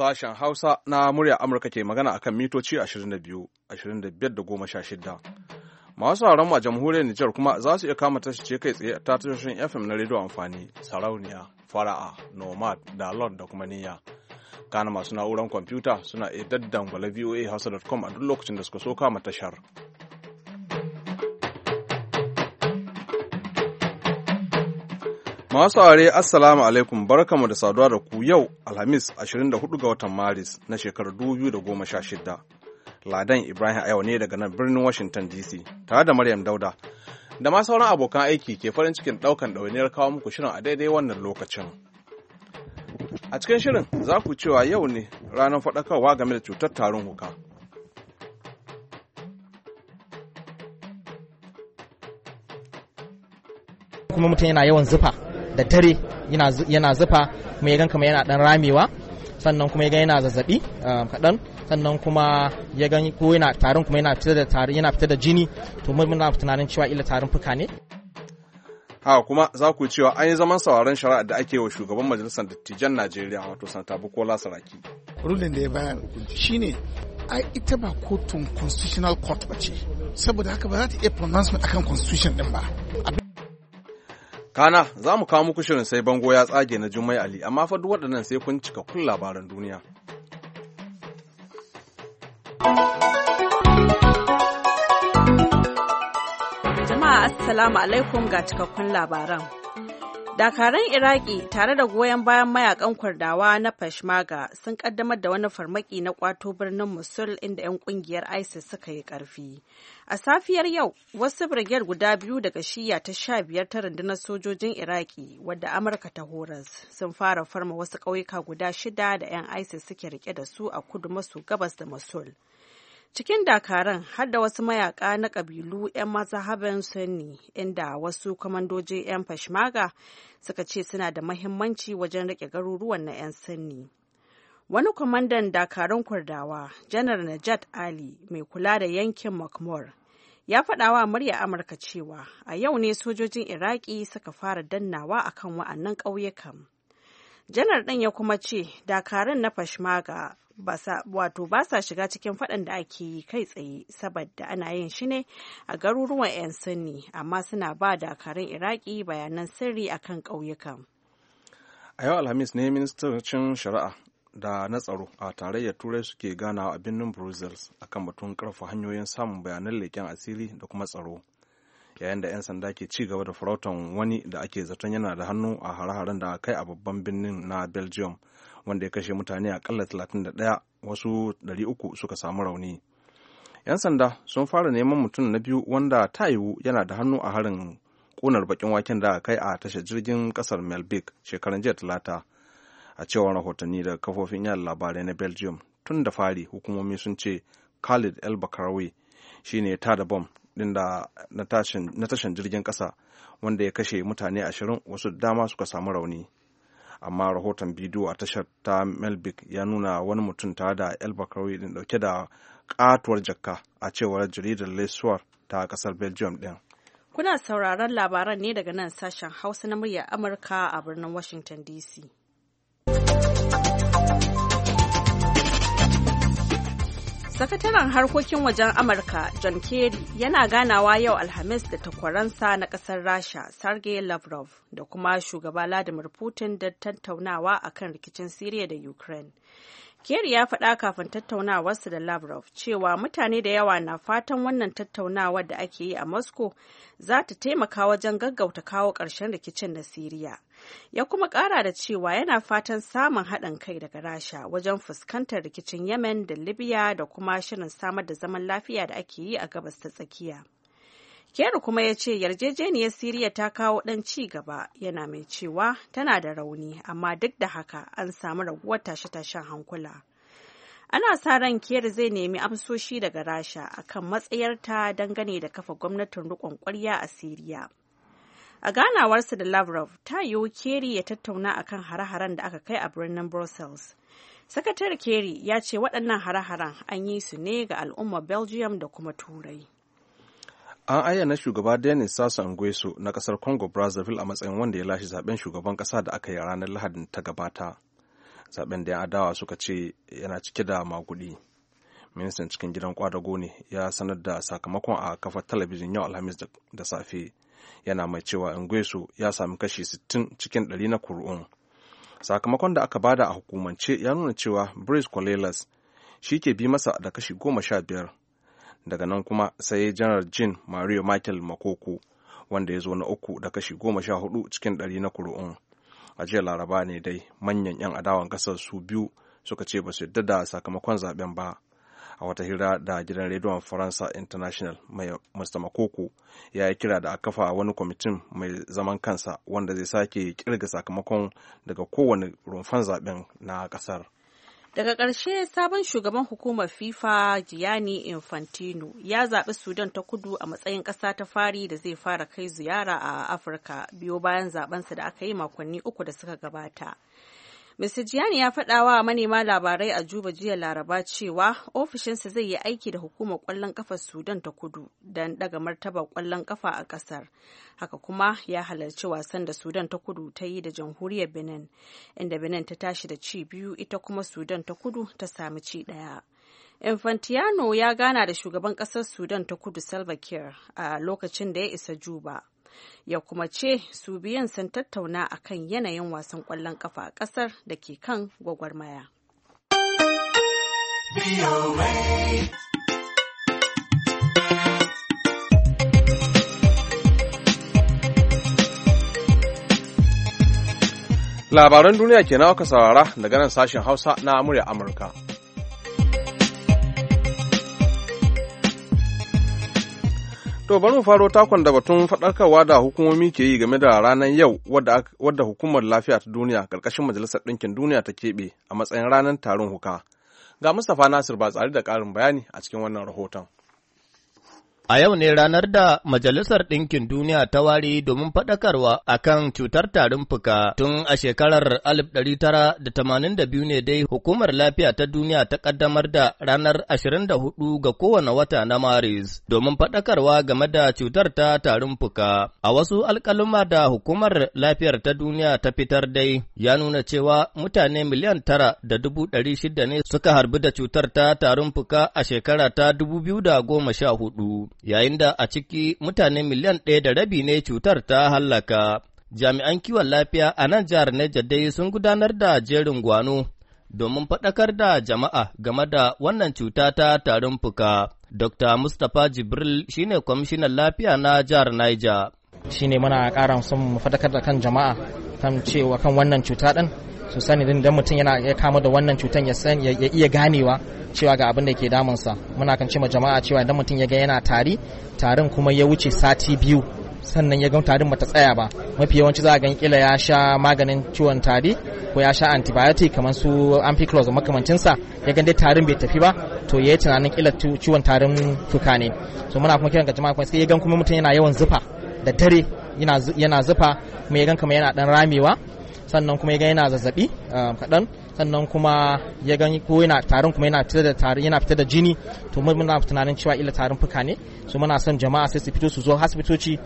Sashen Hausa na murya Amurka ke magana akan mitoci 22, 25 da 16. Masu sauraron a jamhuriyar Nijar kuma za su iya kama tashi kai tsaye ta tashoshin FM na rediyo amfani, sarauniya, fara'a, nomad, dalon da kuma niyya. Kana masu na'urar kwamfuta suna iya daddangwala voa hausa.com a duk lokacin da suka so kama tashar. Masu aure Assalamu alaikum barkamu da saduwa da ku yau Alhamis 24 ga watan Maris na shekarar 2016. Ladan Ibrahim yau ne daga nan birnin Washington DC tare da Maryam Dauda. Da ma sauran abokan aiki ke farin cikin daukan ɗawainiyar kawo muku shirin a daidai wannan lokacin. A cikin shirin za ku cewa yau ne ranar faɗakarwa game da cutar tarin huka. Kuma mutum yana yawan zufa da dare yana zufa kuma ya gan kamar yana dan ramewa sannan kuma ya ga yana zazzabi um, kaɗan sannan kuma ya gan ko yana tarin kuma yana fitar da tarin yana fitar da jini to muna tunanin cewa illa tarin fuka ne ha kuma za ku cewa an yi zaman sauraron shari'a da ake wa shugaban majalisar dattijan najeriya wato sanata bukola saraki rulin da ya bayar shine ai ita ba kotun constitutional court ba ce saboda haka ba za ta iya pronouncement akan constitution din ba Kana za mu kawo muku shirin sai bango ya tsage na Jummai Ali, amma fa duk waɗannan sai kun cika kun labaran duniya. Jama'a Assalamu alaikum ga cikakkun labaran. Dakaran Iraki tare da goyon bayan mayakan Kurdawa na Peshmerga sun kaddamar da wani farmaki na kwato birnin Mosul inda 'yan kungiyar ISIS suka yi karfi. A safiyar yau, wasu birgiyar guda biyu daga shiya ta sha biyar ta rundunar sojojin Iraki wadda Amurka ta horas sun fara farma wasu ƙauyuka guda shida da 'yan ISIS suke rike da su a kudu maso gabas da Mosul. cikin dakaran har da wasu mayaka na kabilu 'yan mazhaban sunni inda wasu kwamandoji 'yan fashmaga suka ce suna da mahimmanci wajen rike garuruwan na 'yan sunni wani kwamandan dakarun kurdawa janar najat ali mai kula da yankin makmur ya faɗawa wa murya amurka cewa a yau ne sojojin iraki suka fara dannawa akan wa'annan ƙauyukan janar ɗin ya kuma ce dakarun na fashmaga wato ba sa shiga cikin faɗan da ake yi kai tsaye saboda ana yin shi ne a garuruwan 'yan sanni amma suna ba dakarun iraki bayanan sirri akan ƙauyukan a yau alhamis ne ministocin shari'a da na tsaro a tarayyar turai suke gana a birnin brussels akan batun karfa hanyoyin samun bayanan leken asiri da kuma tsaro yayin da 'yan sanda ke ci gaba da farautan wani da ake zaton yana da hannu a hare-haren da kai a babban birnin na belgium wanda ya kashe mutane akalla 31 wasu 300 suka samu rauni. 'Yan sanda sun fara neman mutum na biyu wanda ta yiwu yana da hannu a harin kunar bakin waken da kai a tashar jirgin kasar Melbik shekaran jiya talata a cewar rahotanni daga kafofin yada labarai na Belgium tun da fari hukumomi sun ce Khalid El Bakarawi shi ne ta da bom din da na tashin jirgin ƙasa wanda ya kashe mutane ashirin wasu dama suka samu rauni. amma rahoton bidiyo a tashar ta melbic ya nuna wani mutum tare da el din dauke da katuwar jakka a cewar jaridar lesuwar ta kasar belgium din kuna sauraron labaran ne daga nan sashen hausa na muryar amurka a birnin washington dc Sakataren harkokin wajen Amurka John Kerry yana ganawa yau Alhamis da takwaransa na ƙasar Rasha Sergei Lavrov da kuma shugaba Vladimir Putin da tattaunawa akan rikicin Siriya da Ukraine. Kerry ya faɗa kafin tattaunawarsa da Lavrov cewa mutane da yawa na fatan wannan tattaunawar da ake yi a Moscow za ta taimaka wajen gaggauta kawo ƙarshen rikicin na Siriya. ya kuma kara da cewa yana fatan samun haɗin kai daga rasha wajen fuskantar rikicin yemen da libya da kuma shirin samar da zaman lafiya da ake yi a gabas ta tsakiya kera kuma ya ce yarjejeniyar siriya ta kawo ɗan ci gaba yana mai cewa tana da rauni amma duk da haka an samu raguwar tashe-tashen hankula ana sa ran kiyar zai nemi amsoshi daga rasha akan matsayarta dangane da kafa gwamnatin rikon ƙwarya a siriya A ganawarsa da Lavrov, ta yiwu Kerry ya tattauna akan hare-haren da aka kai a birnin Brussels. Sakatare Kerry ya ce waɗannan hare-haren an yi su ne ga al'ummar Belgium da kuma Turai. An ayyana shugaba Denis Sassou Nguesso na kasar Congo Brazzaville a matsayin wanda ya lashe zaben shugaban ƙasa da aka yi ranar Lahadin ta gabata. Zaben da ya adawa suka ce yana cike da magudi. Ministan cikin gidan kwadago ne ya sanar da sakamakon a kafar talabijin yau Alhamis da safe. yana mai cewa ingwesu ya sami kashi 60 cikin 100 na kuri'un sakamakon da aka bada a hukumance ya nuna cewa brice colelas shi ke bi masa da kashi 15 daga nan kuma sai janar jean mario michael makoko wanda ya zo na uku da kashi 14 cikin 100 na kuri'un a jiya laraba ne dai manyan 'yan adawan kasar su biyu suka ce ba su yarda da sakamakon zaben ba a wata hira da gidan rediyon faransa international mai mr makoko ya yi kira da a kafa wani kwamitin mai zaman kansa wanda zai sake kirga sakamakon daga kowane rumfan zaben na kasar daga ƙarshe sabon shugaban hukumar fifa gianni infantino ya zaɓi sudan ta kudu a matsayin ƙasa ta fari da zai fara kai ziyara a afirka biyo bayan zaɓensa da aka yi makonni uku da suka gabata Mr. Gianni ya faɗa wa manema labarai a Juba jiya Laraba cewa ofishinsa zai yi aiki da hukumar ƙwallon ƙafar Sudan ta kudu don daga martabar ƙwallon ƙafa a ƙasar. Haka kuma ya halarci wasan da Sudan ta kudu ta yi da jamhuriyar Benin, inda Benin ta tashi da ci biyu ita kuma Sudan ta kudu ta sami ci ɗaya. Infantiano ya gana da shugaban ƙasar Sudan ta kudu Salva Kiir a lokacin da ya isa Juba. ya kuma ce su biyan sun tattauna a kan yanayin wasan ƙwallon ƙafa a ƙasar da ke kan gwagwarmaya. Labaran duniya ke nawa saurara daga nan sashen Hausa na murya Amurka. To bari mu faro takon da batun faɗarkarwa da hukumomi ke yi game da ranar yau wadda hukumar lafiya ta duniya ƙarƙashin majalisar ɗinkin duniya ta keɓe a matsayin ranar tarin huka. Ga Mustapha Nasir ba tsari da ƙarin bayani a cikin wannan rahoton. A yau ne ranar da Majalisar Ɗinkin Duniya ta Wari domin faɗakarwa a kan cutar tarin fuka tun a shekarar 1982 ne dai Hukumar Lafiya ta Duniya ta ƙaddamar da ranar 24 ga kowane wata na Maris domin faɗakarwa game da cutar ta tarin fuka. A wasu alƙaluma da Hukumar Lafiyar ta Duniya ta fitar dai ya nuna cewa mutane miliyan tara da dubu ɗari shida ne suka harbi da cutar ta tarin fuka a shekara ta dubu biyu da goma sha hudu. yayin da a ciki mutane miliyan ɗaya da rabi ne cutar ta hallaka. Jami'an kiwon lafiya a nan jihar Neja dai sun gudanar da jerin gwano domin faɗakar da jama'a game da wannan cuta ta tarin fuka. Dr. Mustapha Jibril shine kwamishinan lafiya na jihar Niger. Shine muna ƙara mu faɗakar da kan jama'a kan cewa kan wannan cuta ɗin su sani din dan mutum yana ya kama da wannan cutan ya san ya iya ganewa cewa ga abin da ke damunsa muna kan cewa jama'a cewa idan mutum ya ga yana tari tarin kuma ya wuce sati biyu sannan ya ga tarin bata tsaya ba mafi yawanci za a gan kila ya sha maganin ciwon tari ko ya sha antibiotic kamar su ampiclos da makamancinsa ya ga dai tarin bai tafi ba to ya yi tunanin kila ciwon tarin fuka ne so muna kuma kiran ga jama'a sai ya gan kuma mutum yana yawan zufa da dare yana zufa kuma ya gan kamar yana dan ramewa sannan kuma ya ga yana zazzabi um, kaɗan sannan kuma ya gani ko yana tarin kuma yana fitar da tarin yana fitar da jini to muna tunanin cewa illa tarin fuka ne su muna son jama'a sai su fito su zo asibitoci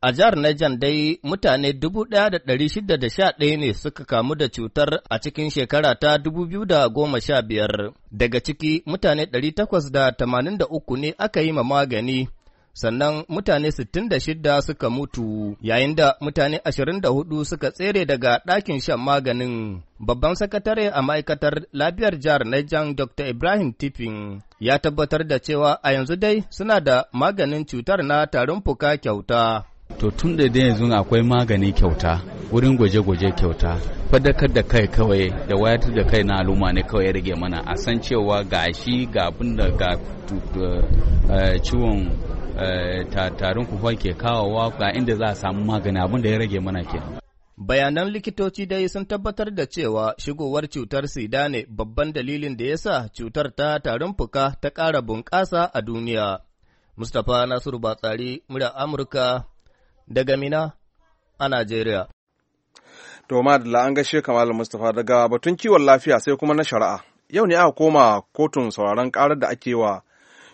A jihar Niger dai mutane 1,611 ne suka kamu da cutar a cikin shekara ta 2015, daga ciki mutane 883 ne aka yi ma magani sannan mutane 66 suka mutu yayin da mutane 24 suka tsere daga ɗakin shan maganin. Babban sakatare a ma'aikatar lafiyar jihar Niger Dr. Ibrahim Tifin ya tabbatar da cewa a yanzu dai suna da maganin cutar na tarin fuka kyauta. To tun da dai yanzu akwai magani kyauta, wurin gwaje-gwaje kyauta, fadakar da kai kawai da wayatar da kai na al'umma ne kawai ya rage mana a san cewa ga shi ga abin da ga eh, ciwon Eh, tarin kuhon ke kawowa ga inda za a samu magani abin da ya rage mana kenan. Bayanan likitoci dai sun tabbatar da cewa shigowar cutar sida ne babban dalilin da ya sa cutar ta tarin fuka ta ƙara bunƙasa a duniya. Mustapha Nasiru Batsari, murya Amurka, daga Mina a Najeriya. To da an gaishe Kamal Mustapha daga batun kiwon lafiya sai kuma na shari'a. Yau ne aka koma kotun sauraron ƙarar da ake wa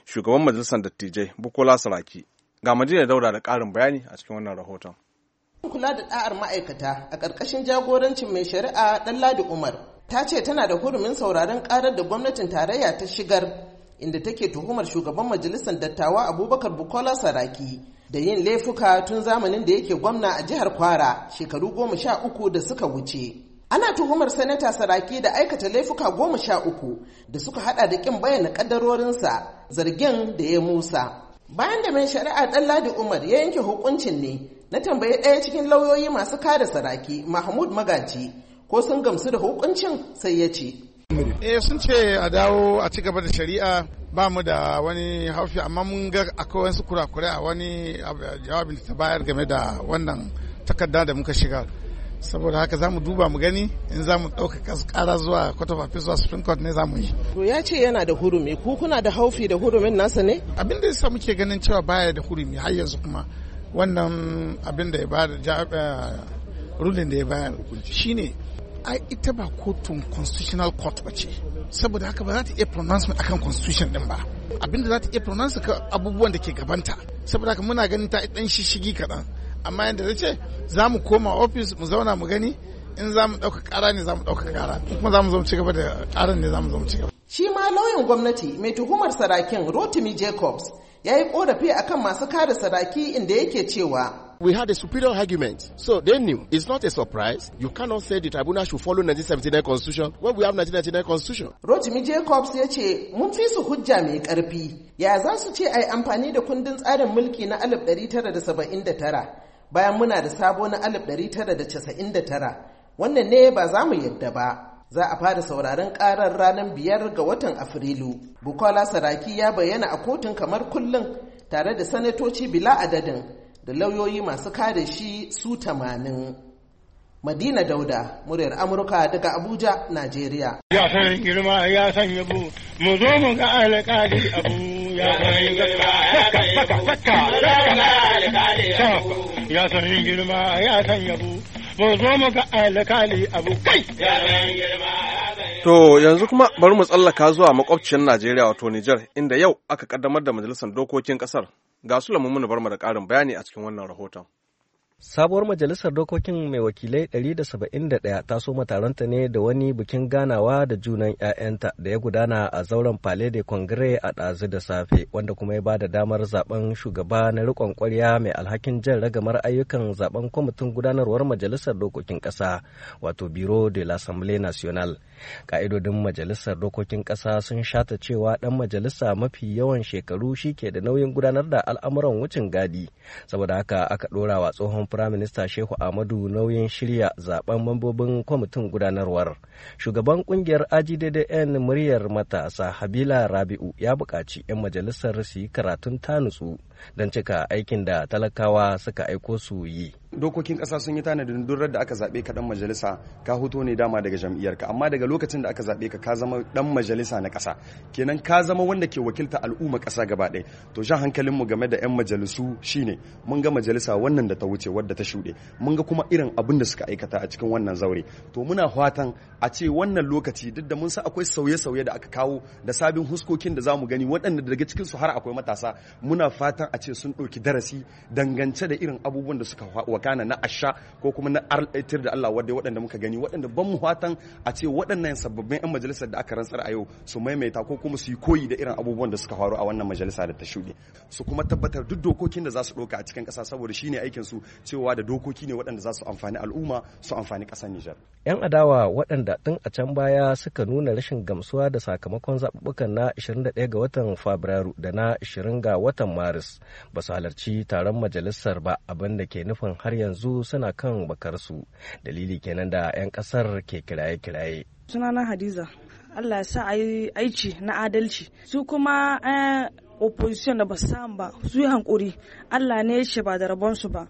shugaban majalisar dattijai bukola saraki ga madina daura da ƙarin bayani a cikin wannan rahoton kula da ɗa'ar ma'aikata a ƙarƙashin jagorancin mai shari'a ɗanladi umar ta ce tana da hurumin sauraron ƙarar da gwamnatin tarayya ta shigar inda take tuhumar shugaban majalisar dattawa abubakar bukola saraki da yin laifuka tun zamanin da yake gwamna a jihar kwara shekaru goma sha uku da suka wuce ana tuhumar sanata saraki da aikata laifuka goma sha uku da suka hada da kin bayyana kaddarorinsa zargin da ya musa bayan da mai shari'a Ladi umar ya yanke hukuncin ne na tambayi ɗaya cikin lauyoyi masu kada saraki mahmud magaji ko sun gamsu da hukuncin sai ya ce eh sun ce a dawo a ci gaba da shari'a ba mu da wani haufi amma mun ga akwai wasu kurakurai a wani jawabin da ta bayar game da wannan takarda da muka shiga saboda haka za mu duba mu gani in za mu ɗaukaka ƙara zuwa court of appeal zuwa supreme court ne za mu yi. to ya ce yana da hurumi ku kuna da haufi da hurumin nasa ne. abin da yasa muke ganin cewa baya da hurumi har yanzu kuma wannan abin da ya bada eh, rulin da ya bayar shine ai ita ba kotun constitutional court ba ce saboda haka ba za ta iya pronouncement akan constitution din ba abinda za ta iya pronounce abubuwan da ke gabanta saboda haka muna ganin ta ɗan shishigi kaɗan amma yadda ta ce za mu koma ofis mu zauna mu gani in za mu ɗauka ƙara ne za mu ɗauka ƙara kuma za mu ci cigaba da ƙaran ne za mu ci cigaba. shi ma lauyan gwamnati mai tuhumar sarakin rotimi jacobs ya yi ƙorafi akan masu kare saraki inda yake cewa we had a superior argument. So they knew it's not a surprise. You cannot say the tribunal should follow 1979 constitution when we have 1999 constitution. Rotimi Jacobs ya ce mun fi su hujja mai karfi. Ya za su ce ai amfani da kundin tsarin mulki na 1979 bayan muna da sabo na 1999 wannan ne ba za mu yadda ba za a fara sauraron karar ranar biyar ga watan afrilu bukola saraki ya bayyana a kotun kamar kullum tare da sanatoci bila adadin da lauyoyi masu kare shi su tamanin madina dauda muryar amurka daga abuja najeriya ya san girma ya sanya bu mu zo mu ga alƙali abu ya san girma saka ya san girma ya san yabo mu zo ga alkali abu kai To yanzu kuma bari mu tsallaka zuwa makwabciyar Najeriya wato Nijar inda yau aka kaddamar da majalisar dokokin kasar. Ga su lamu bar mu da ƙarin bayani a cikin wannan rahoton. Sabuwar majalisar dokokin mai wakilai 171 ta soma taronta ne da wani bikin ganawa da junan 'ya'yanta da ya gudana a zauren Palais de Congrès a ɗazu da safe, wanda kuma ya ba da damar zaben shugaba na riƙon ƙwarya mai alhakin jan ragamar ayyukan zaben kwamitin gudanarwar majalisar dokokin ƙasa, wato Biro de l'Assemblée Nationale. Ka'idodin majalisar dokokin ƙasa sun shata cewa ɗan majalisa mafi yawan shekaru shi ke da nauyin gudanar da al'amuran wucin gadi, saboda haka aka ɗora wa tsohon firaminista shehu amadu nauyin shirya zaben mambobin kwamitin gudanarwar shugaban kungiyar ajiddn muryar matasa habila rabi'u ya buƙaci 'yan majalisar su yi karatun tanutsu don cika aikin da talakawa suka aiko su yi dokokin ƙasa sun yi tanadin durar da aka zaɓe ka ɗan majalisa ka hoto ne dama daga jam'iyyarka amma daga lokacin da aka zaɓe ka ka zama ɗan majalisa na ƙasa kenan ka zama wanda ke wakilta al'umma ƙasa gaba ɗaya to jan hankalinmu game da 'yan majalisu shine mun ga majalisa wannan da ta wuce da ta shuɗe mun ga kuma irin abin da suka aikata a cikin wannan zaure to muna fatan a ce wannan lokaci duk da mun sa akwai sauye-sauye da aka kawo da sabin huskokin da za mu gani waɗanda daga cikin su har akwai matasa muna fatan a ce sun ɗauki darasi dangance da irin abubuwan da suka wakana na asha ko kuma na artir da Allah wadda waɗanda muka gani waɗanda ban mu fatan a ce waɗannan sababbin 'yan majalisar da aka rantsar a yau su maimaita ko kuma su yi koyi da irin abubuwan da suka faru a wannan majalisa da ta shuɗe su kuma tabbatar duk dokokin da za su ɗauka a cikin ƙasa saboda shine aikin su cewa da dokoki ne waɗanda za su amfani al'umma su amfani ƙasar Nijar. 'Yan adawa waɗanda tun a can baya suka nuna rashin gamsuwa da sakamakon zaɓuɓɓukan na 21 ga watan Fabrairu da na 20 ga watan Maris ba su halarci taron majalisar ba abin da ke nufin har yanzu suna kan bakarsu. Dalili kenan da 'yan ƙasar ke kiraye-kiraye. Sunana Hadiza, Allah ya sa aici na adalci. Su kuma eh, opposition da ba samu ba su yi hankuri Allah ne shi ba da rabonsu ba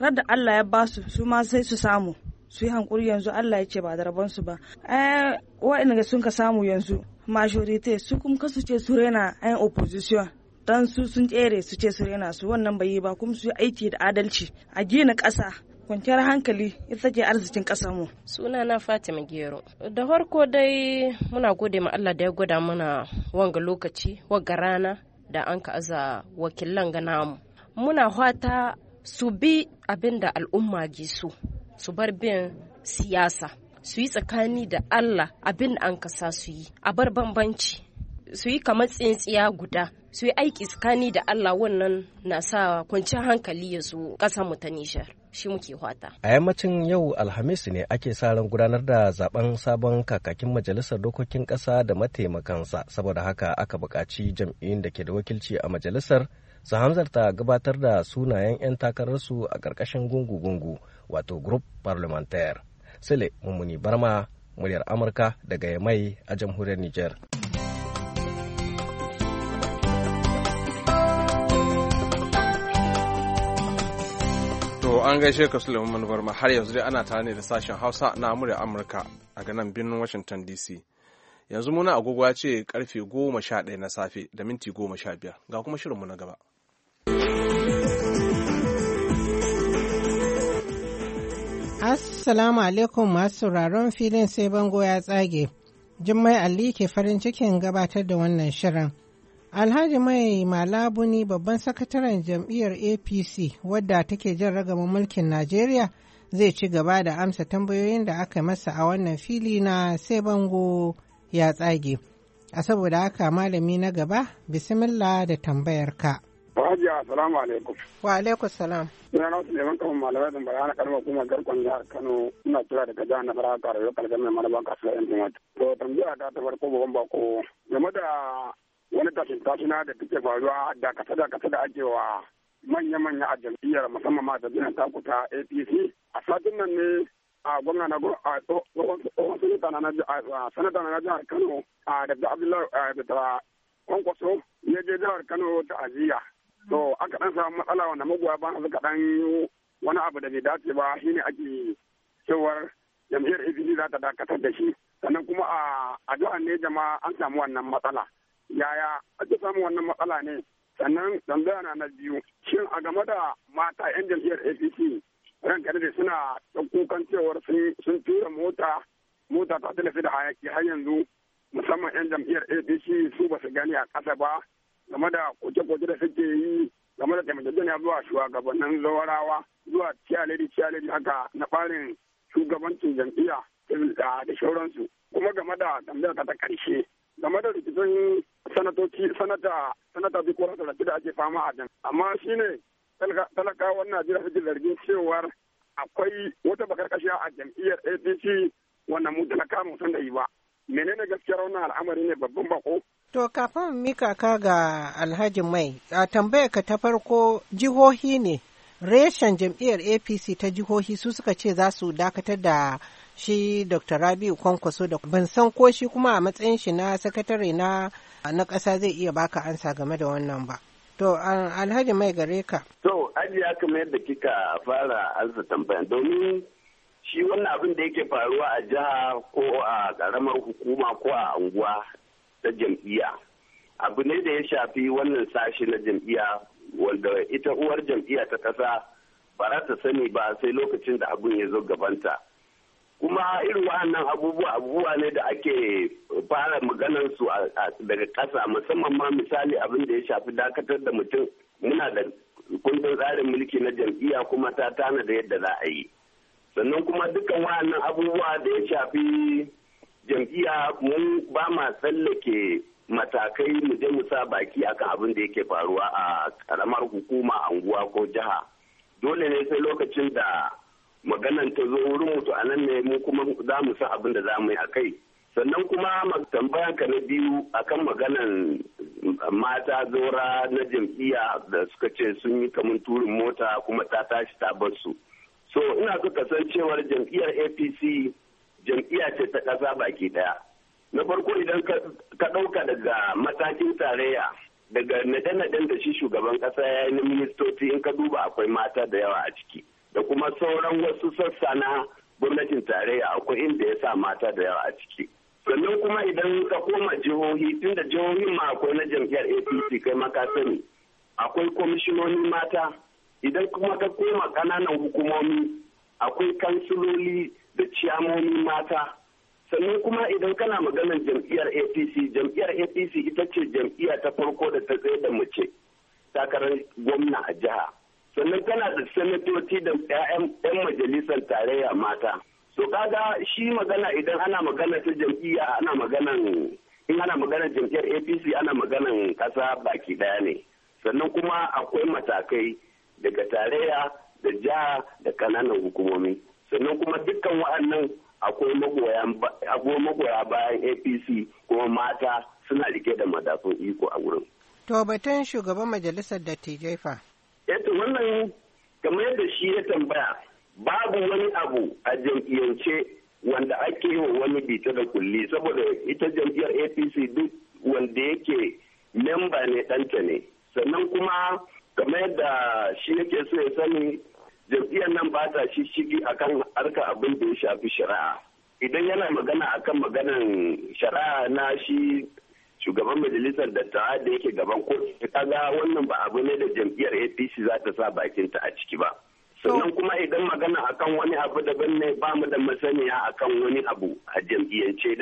radda Allah ya ba su su ma sai su samu su yi hankuri yanzu Allah ya ce ba da rabonsu ba eh waɗanda sun ka samu yanzu majority su ka su ce su rena ayan opposition dan su sun tsere su ce su rena su wannan bai yi ba kuma su yi aiki da adalci a gina ƙasa kwanciyar hankali ita ce arzikin mu. suna na fatima gero da farko dai muna gode ma allah da ya gwada mana wanga lokaci wanga rana da an ka aza wakilan gana muna fata su bi abin da al'umma ke so su bar bin siyasa su yi tsakani da allah abin da an kasa su yi a bar bambanci su yi kamar tsintsiya guda su yi aiki tsakani da Allah wannan na sa kwanciyar hankali ya zo ƙasar mu ta Nijar. Shi muke hwata. A yammacin yau Alhamis ne ake sa ran gudanar da zaben sabon kakakin majalisar dokokin ƙasa da mataimakansa saboda haka aka buƙaci jam'iyyun da ke da wakilci a majalisar su hanzarta gabatar da sunayen 'yan takararsu a ƙarƙashin gungu-gungu wato group parliamentaire. Sile Mummuni Barma, muryar Amurka daga Yamai a jamhuriyar Nijar. an gaishe ka Suleiman Barma har yanzu dai ana tare ne da sashen Hausa na Amurka Amurka a ganan birnin Washington DC. Yanzu muna agogo ya ce karfe goma sha ɗaya na safe da minti goma sha ga kuma shirinmu na gaba. Assalamu alaikum masu sauraron filin sai bango ya tsage. Jummai Ali ke farin cikin gabatar da wannan shirin. Alhaji Mai Malabuni babban sakataren jam'iyyar APC wadda take jan ragama mulkin Najeriya zai ci gaba da amsa tambayoyin da aka masa a wannan fili na sai bango ya tsage. A saboda haka malami na gaba, bismillah da tambayar ka. Hajiya, assalamu alaikum. Wa alaikum salam. Ina na neman Kafin Malamai da Bayana Karma kuma garkon jihar Kano ina kira daga jihar Nasarawa Karo yau kalgar mai malaba kasuwa yan Tumat. To tambaya ta ta farko ba ko game da wani tashin tashina da take faruwa da kasa da kasa da ake wa manya-manya a jam'iyyar musamman ma da jiran taku ta apc a satin nan ne a gwamna na a tsohon sanata na sanata na jihar kano a da abdullahi da kwankwaso ya je jihar kano ta aziya to aka dan samu matsala wanda magoya ban ka dan wani abu da bai dace ba shine ake cewar jam'iyyar apc za ta dakatar da shi sannan kuma a jihar ne jama'a an samu wannan matsala yaya ake samun wannan matsala ne sannan tambaya na na biyu shin a game da mata 'yan jam'iyyar apc kare da suna kukan cewar sun tura mota mota ta tilafi da hayaki har yanzu musamman 'yan jam'iyyar apc su ba su gani a ƙasa ba game da koke-koke da suke yi game da taimakekeniya zuwa shugabannin zawarawa zuwa ciyaleri ciyaleri haka na ɓarin shugabancin jam'iyya da shauransu kuma game da tambayar ta ta ƙarshe game da rikicin sanatoci sanata sanata bi da da ake fama a can amma shine talakawan jira suke zargin cewar akwai wata bakarkashiya a jam'iyyar apc wannan mu talaka mu da yi ba menene gaskiyar wannan al'amari ne babban bako to kafin mika ka ga alhaji mai a tambaya ka ta farko jihohi ne reshen jam'iyyar apc ta jihohi su suka ce za su dakatar da shi dr rabiu kwankwaso da ban san ko shi kuma a matsayin shi na sakatare na na ƙasa zai iya baka ansa game da wannan ba to alhaji mai gare ka to aji ya kamar yadda kika fara ansa tambayan domin shi wannan abin da yake faruwa a jiha ko a ƙaramar hukuma ko a unguwa ta jam'iyya abu ne da ya shafi wannan sashi na jam'iyya wanda ita uwar jam'iyya ta ƙasa ba za ta sani ba sai lokacin da abin ya zo gabanta kuma irin wa'annan abubuwa abubuwa ne da ake fara maganar su daga ƙasa musamman ma misali abin da ya shafi dakatar da mutum muna da kundin tsarin mulki na jam'iyya kuma ta tana da yadda za a yi sannan kuma dukkan wa'annan abubuwa da ya shafi jam'iyya mun ba ma tsallake matakai mu je mu sa baki akan abin da yake faruwa a karamar hukuma anguwa ko jiha dole ne sai lokacin da maganan ta zo wurin mutu a nan ne mu kuma za mu san abin da za mu yi a kai sannan kuma tambayan ka na biyu akan maganan mata zora na jam'iyya da suka ce sun yi kamun turin mota kuma ta tashi ta bar su so ina so kasancewar jam'iyyar apc jam'iyya ce ta ƙasa baki ɗaya na farko idan ka ɗauka daga matakin tarayya daga naɗe-naɗen da shi shugaban ƙasa ya yi na ministoci in ka duba akwai mata da yawa a ciki da kuma sauran wasu sassa na gwamnatin tarayya akwai inda ya sa mata da yawa a ciki sannan kuma idan ka koma jihohi tunda jihohin ma akwai na jam'iyyar apc kai maka sani akwai kwamishinoni mata idan kuma ka koma kananan hukumomi akwai kansiloli da ciyamomi mata sannan kuma idan kana maganar jam'iyyar apc jam'iyyar apc ita ce jam'iyya ta farko da ta tsaye da mace takarar gwamna a jiha sannan tana da sanatoci da 'ya'yan majalisar tarayya mata to kaga shi magana idan ana magana ta jam'iyya ana maganan in ana magana jam'iyyar apc ana maganan kasa baki daya ne sannan kuma akwai matakai daga tarayya da jiha da kananan hukumomi sannan kuma dukkan wa'annan akwai magoya bayan apc kuma mata suna rike da matakan iko a wurin to shugaban majalisar da fa yadda wannan kamar yadda shi ya tambaya babu wani abu a jam'iyyance wanda ake yi wa wani bita da kulli saboda ita jam'iyyar APC duk wanda yake memba ne ɗanta ne. Sannan kuma kamar yadda shi yake so ya sani jam'iyyar nan ba ta shi shigi kan harka abin da ya shafi shari'a. Idan yana magana akan maganan shari'a na shi shugaban majalisar dattawa da yake gaban kotu ga wannan ba abu ne da jam'iyyar apc za ta sa ta a ciki ba sannan kuma idan magana akan wani abu daban ne ba mu da masaniya akan wani abu a jam'iyyance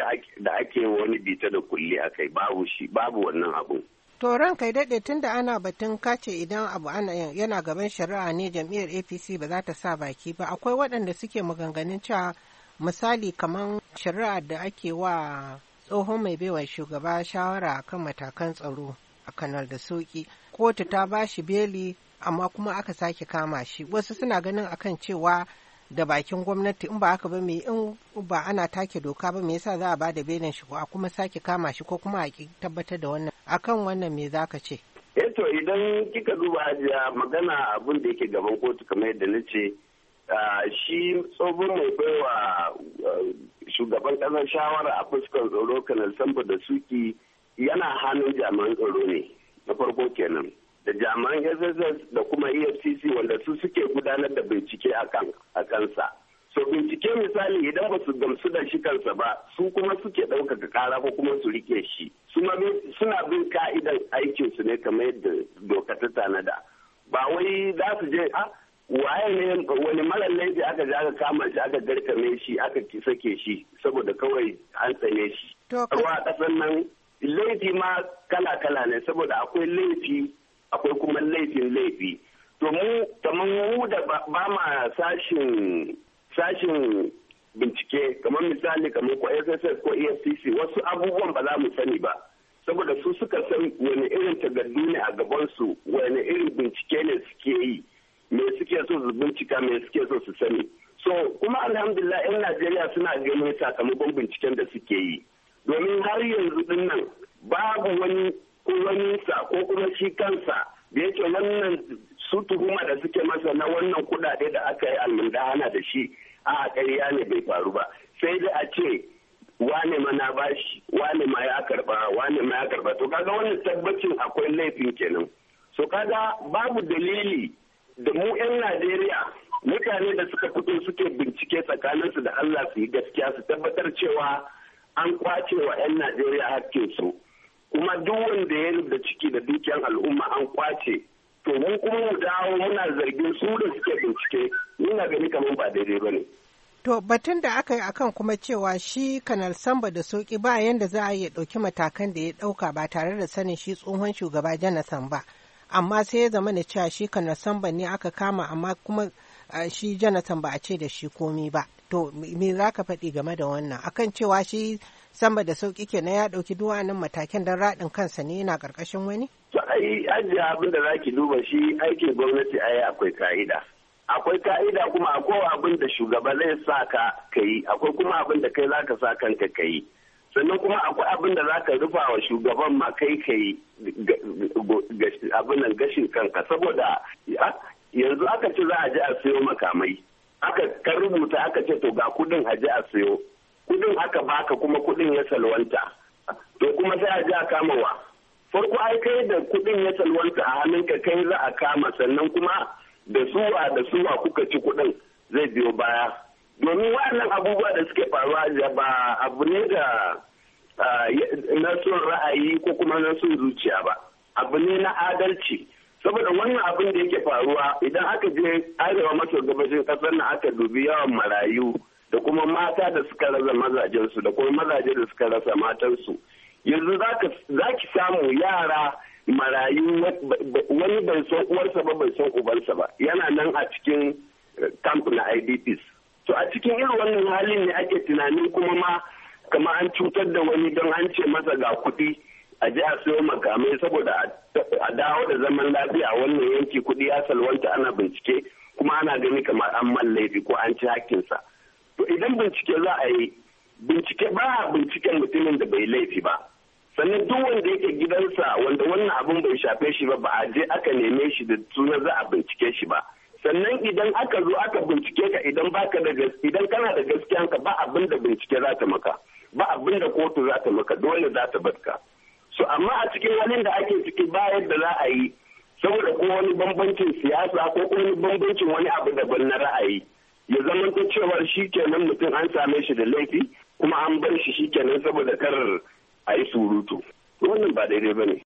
da ake wani bita da kulli a kai babu shi babu wannan abu to ranka daɗe tun da ana batun kace idan abu ana yana gaban shari'a ne jam'iyyar apc ba za ta sa baki ba akwai waɗanda suke maganganun cewa misali kamar shari'a da ake wa tsohon mai baiwa shugaba shawara akan matakan tsaro a kanar da soki kotu ta ba shi beli amma kuma aka sake kama shi wasu suna ganin akan cewa da bakin gwamnati in ba aka ba mai in ba ana take doka ba me yasa za a ba da belin shi ko a kuma sake kama shi ko kuma a tabbatar da wannan akan wannan me zaka ce eh idan kika duba ajiya magana abin da yake gaban kotu kamar yadda na ce ah, shi tsohon mai baiwa ah, shugaban ƙasar shawara a fuskar tsaro kanal samba da suki yana hannun jami'an tsaro ne na farko kenan da jami'an sss da kuma efcc wanda su suke gudanar da bincike a kansa so bincike misali idan ba su gamsu da shi kansa ba su kuma suke ɗaukaka kara ko kuma su rike shi suna bin ka'idan aikinsu ne kamar yadda doka ta tanada ba wai za su je a ah, waye ne wani mara laifi aka je aka kama shi aka garkame shi aka sake shi saboda kawai an tsane shi ruwa kasan nan laifi ma kala kala ne saboda akwai laifi akwai kuma laifin laifi to mu kamar mu da ba ma sashin sashin bincike kamar misali kamar ko SSS ko EFCC wasu abubuwan ba za mu sani ba saboda su suka san wani irin tagaddu ne a gabansu wani irin bincike ne suke yi me suke so su bincika me suke so su sani so kuma alhamdulillah 'yan najeriya suna ganin sakamakon binciken da suke yi domin har yanzu din nan babu wani ko ko kuma shi kansa da yake wannan su tuhuma da suke masa na wannan kudade da aka yi almundahana da shi a ƙarya ne bai faru ba sai da a ce wane ma na bashi wane ma ya karba wane ma ya karba to kaga wannan tabbacin akwai laifin kenan so kaga babu dalili da mu 'yan Najeriya mutane da suka fito suke bincike tsakaninsu da Allah su yi gaskiya su tabbatar cewa an kwace wa 'yan Najeriya hakkinsu kuma duk wanda ya da ciki da dukiyar al'umma an kwace to mu kuma mu dawo muna zargin su da suke bincike muna gani kamar ba daidai ba ne. To batun da aka yi akan kuma cewa shi kanal samba da soki ba yanda za a iya ɗauki matakan da ya ɗauka ba tare da sanin shi tsohon shugaba janasan ba. amma sai ya zama na cewa shi kanasamba ne aka kama amma kuma shi jonathan ba a ce da shi komi ba to me za ka faɗi game da wannan akan cewa shi samba da sauƙi ke na ya ɗauki duwanin matakin don raɗin kansa ne yana ƙarƙashin wani? to ai ajiye abin da za ki duba shi aikin gwamnati ai akwai ka'ida akwai ka'ida kuma akwai abin da shugaba zai sa ka yi akwai kuma abin da kai za ka sa kanka ka yi sannan kuma akwai abin da za ka rufa wa shugaban ma kai kai abin nan gashin kanka saboda yanzu aka ce za a je a siyo makamai aka kan rubuta aka ce to ga kudin a je a siyo kudin aka baka kuma kudin ya salwanta to kuma sai a ji a kama wa farko ai kai da kudin ya salwanta a hannunka kai za a kama sannan kuma da suwa da suwa kuka ci kudin zai biyo baya domin waɗannan abubuwa da suke faruwa da ba abu ne da na son ra'ayi ko kuma na son zuciya ba abu ne na adalci saboda wannan abin da yake faruwa idan aka je arewa maso gabashin kasar na aka dubi yawan marayu da kuma mata da suka rasa mazajensu da kuma mazaje da suka rasa matansu yanzu za ki samu yara marayu wani bai san uwarsa ba bai san ubansa ba yana nan a cikin eh, camp na idps to a cikin irin wannan halin ne ake tunanin kuma ma kama an cutar da wani don an ce masa ga kuɗi a ji a siyo makamai saboda a dawo da zaman lafiya a wannan yanki kuɗi ya salwanta ana bincike kuma ana gani kamar an man laifi ko an ci hakkinsa to idan bincike za a yi bincike ba a binciken mutumin da bai laifi ba sannan duk wanda yake gidansa wanda wannan abin bai shafe shi ba ba a je aka neme shi da suna za a bincike shi ba sannan idan aka zo aka bincike ka idan baka da idan kana da gaskiya ka ba abin da bincike za ta maka ba abin da kotu za ta maka dole za ta batka so amma a cikin wani da ake ciki ba yadda za a yi saboda ko wani bambancin siyasa ko wani bambancin wani abu daban na ra'ayi ya zama ta cewar shi kenan mutum an same shi da laifi kuma an bar shi shi kenan saboda kar a yi surutu wannan ba daidai ba ne.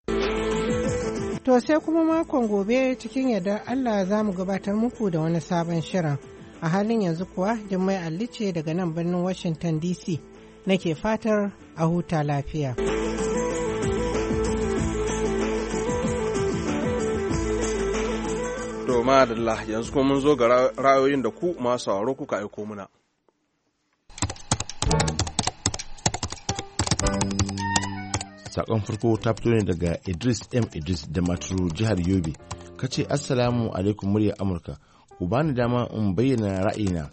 To sai kuma makon gobe cikin yadda Allah za mu gabatar muku da wani sabon shirin. A halin yanzu kuwa Jummai Alli daga nan birnin Washington DC nake fatar a huta lafiya. To yanzu kuma mun zo ga ra'ayoyin da ku masu sauraro kuka aiko muna. sakon farko ta fito ne daga idris m idris da maturu jihar yobe ka ce assalamu alaikum murya amurka ku bani dama in bayyana ra'ayina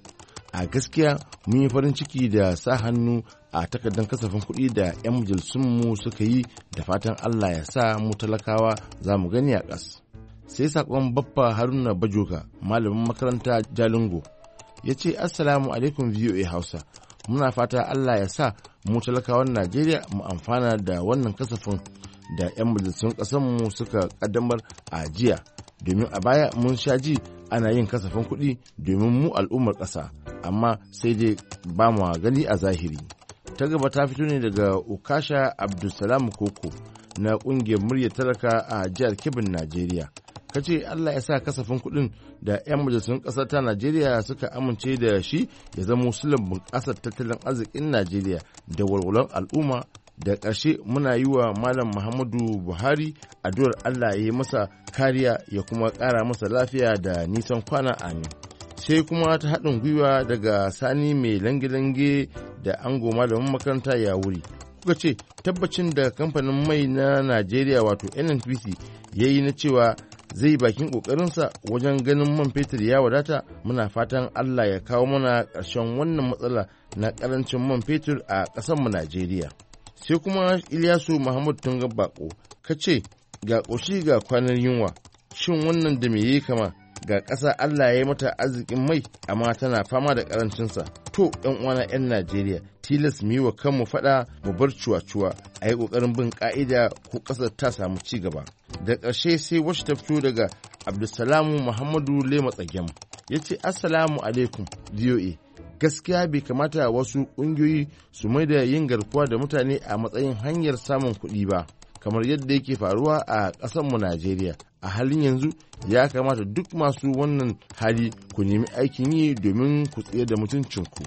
a gaskiya mun yi farin ciki da sa hannu a takardar kasafin kuɗi da 'yan majalisunmu suka yi da fatan allah ya sa mu talakawa za mu gani a ƙas sai sakon baffa haruna bajoka malamin makaranta jalingo ya ce assalamu alaikum voa hausa muna fata allah ya sa mu talakawan najeriya mu amfana da wannan kasafin da 'yan majalisun ƙasarmu suka ƙaddamar a jiya domin a baya mun sha ji ana yin kasafin kuɗi domin mu al'ummar ƙasa amma sai dai ba mu gani a zahiri ta gaba ta fito ne daga ukasha abdulsalam koko na ƙungiyar murya talaka a jihar kebin najeriya ka ce Allah ya sa kasafin kuɗin da 'yan majalisun ƙasar ta Najeriya suka amince da shi ya zama musulun bunƙasar tattalin arzikin Najeriya da walwalar al'umma da ƙarshe muna yi wa Malam Muhammadu Buhari addu'ar Allah ya yi masa kariya ya kuma ƙara masa lafiya da nisan kwana amin. Sai kuma ta haɗin gwiwa daga sani mai lange-lange da ango malamin makaranta ya wuri. Kuka ce tabbacin da kamfanin mai na Najeriya wato NNPC ya yi na cewa zai yi bakin ƙoƙarinsa wajen ganin man fetur ya wadata muna fatan Allah ya kawo mana ƙarshen wannan matsala na ƙarancin man fetur a ƙasarmu Najeriya. Sai kuma Ilyasu Muhammad Tunga Bako ka ce ga ƙoshi ga kwanar yunwa shin wannan da me yi kama ga ƙasa Allah ya yi mata arzikin mai amma tana fama da ƙarancinsa to 'yan uwana 'yan Najeriya tilas mu yi wa kanmu faɗa mu bar cuwa-cuwa a yi ƙoƙarin bin ƙa'ida ko ƙasar ta samu ci gaba da ƙarshe sai wasu ta fito daga abdulsalamu muhammadu lema tsagem ya ce assalamu alaikum doa gaskiya bai kamata wasu ƙungiyoyi su mai da yin garkuwa da mutane a matsayin hanyar samun kuɗi ba kamar yadda yake faruwa a ƙasarmu najeriya a halin yanzu ya kamata duk masu wannan hali ku nemi aikin yi domin ku tsaye da mutuncinku.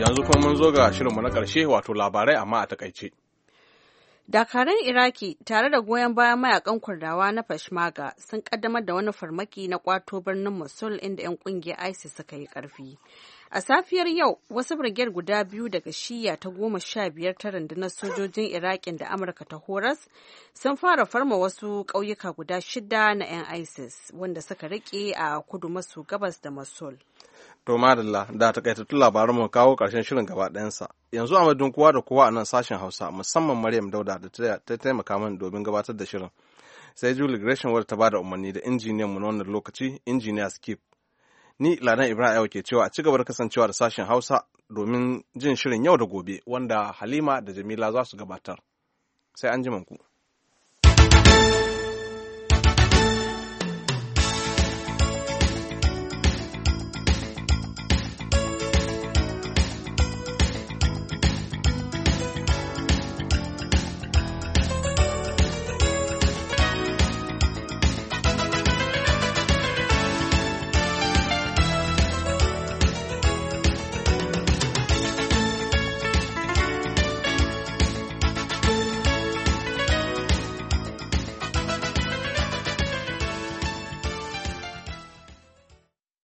yanzu kuma mun zo ga shirinmu na karshe wato labarai amma a takaice. Dakarun Iraki tare da goyon bayan mayakan Kurdawa na Peshmerga sun kaddamar da wani farmaki na kwato birnin Mosul inda 'yan kungiyar ISIS suka yi karfi. A safiyar yau, wasu birgiyar guda biyu daga shiya ta goma sha biyar ta rundunar sojojin iraki da Amurka ta horas sun fara farma wasu ƙauyuka guda shida na 'yan ISIS wanda suka rike a kudu maso gabas da Mosul. To madalla da takaitattun labaran mu kawo karshen shirin gaba ɗayansa. Yanzu a madun kowa da kowa a nan sashen Hausa musamman Maryam Dauda da ta taimaka min domin gabatar da shirin. Sai Julie Gresham wadda ta bada umarni da injiniyan mu na wannan lokaci injiniya Skip. Ni Ladan Ibrahim ke cewa a ci gaba da kasancewa da sashen Hausa domin jin shirin yau da gobe wanda Halima da Jamila za su gabatar. Sai an ji ku.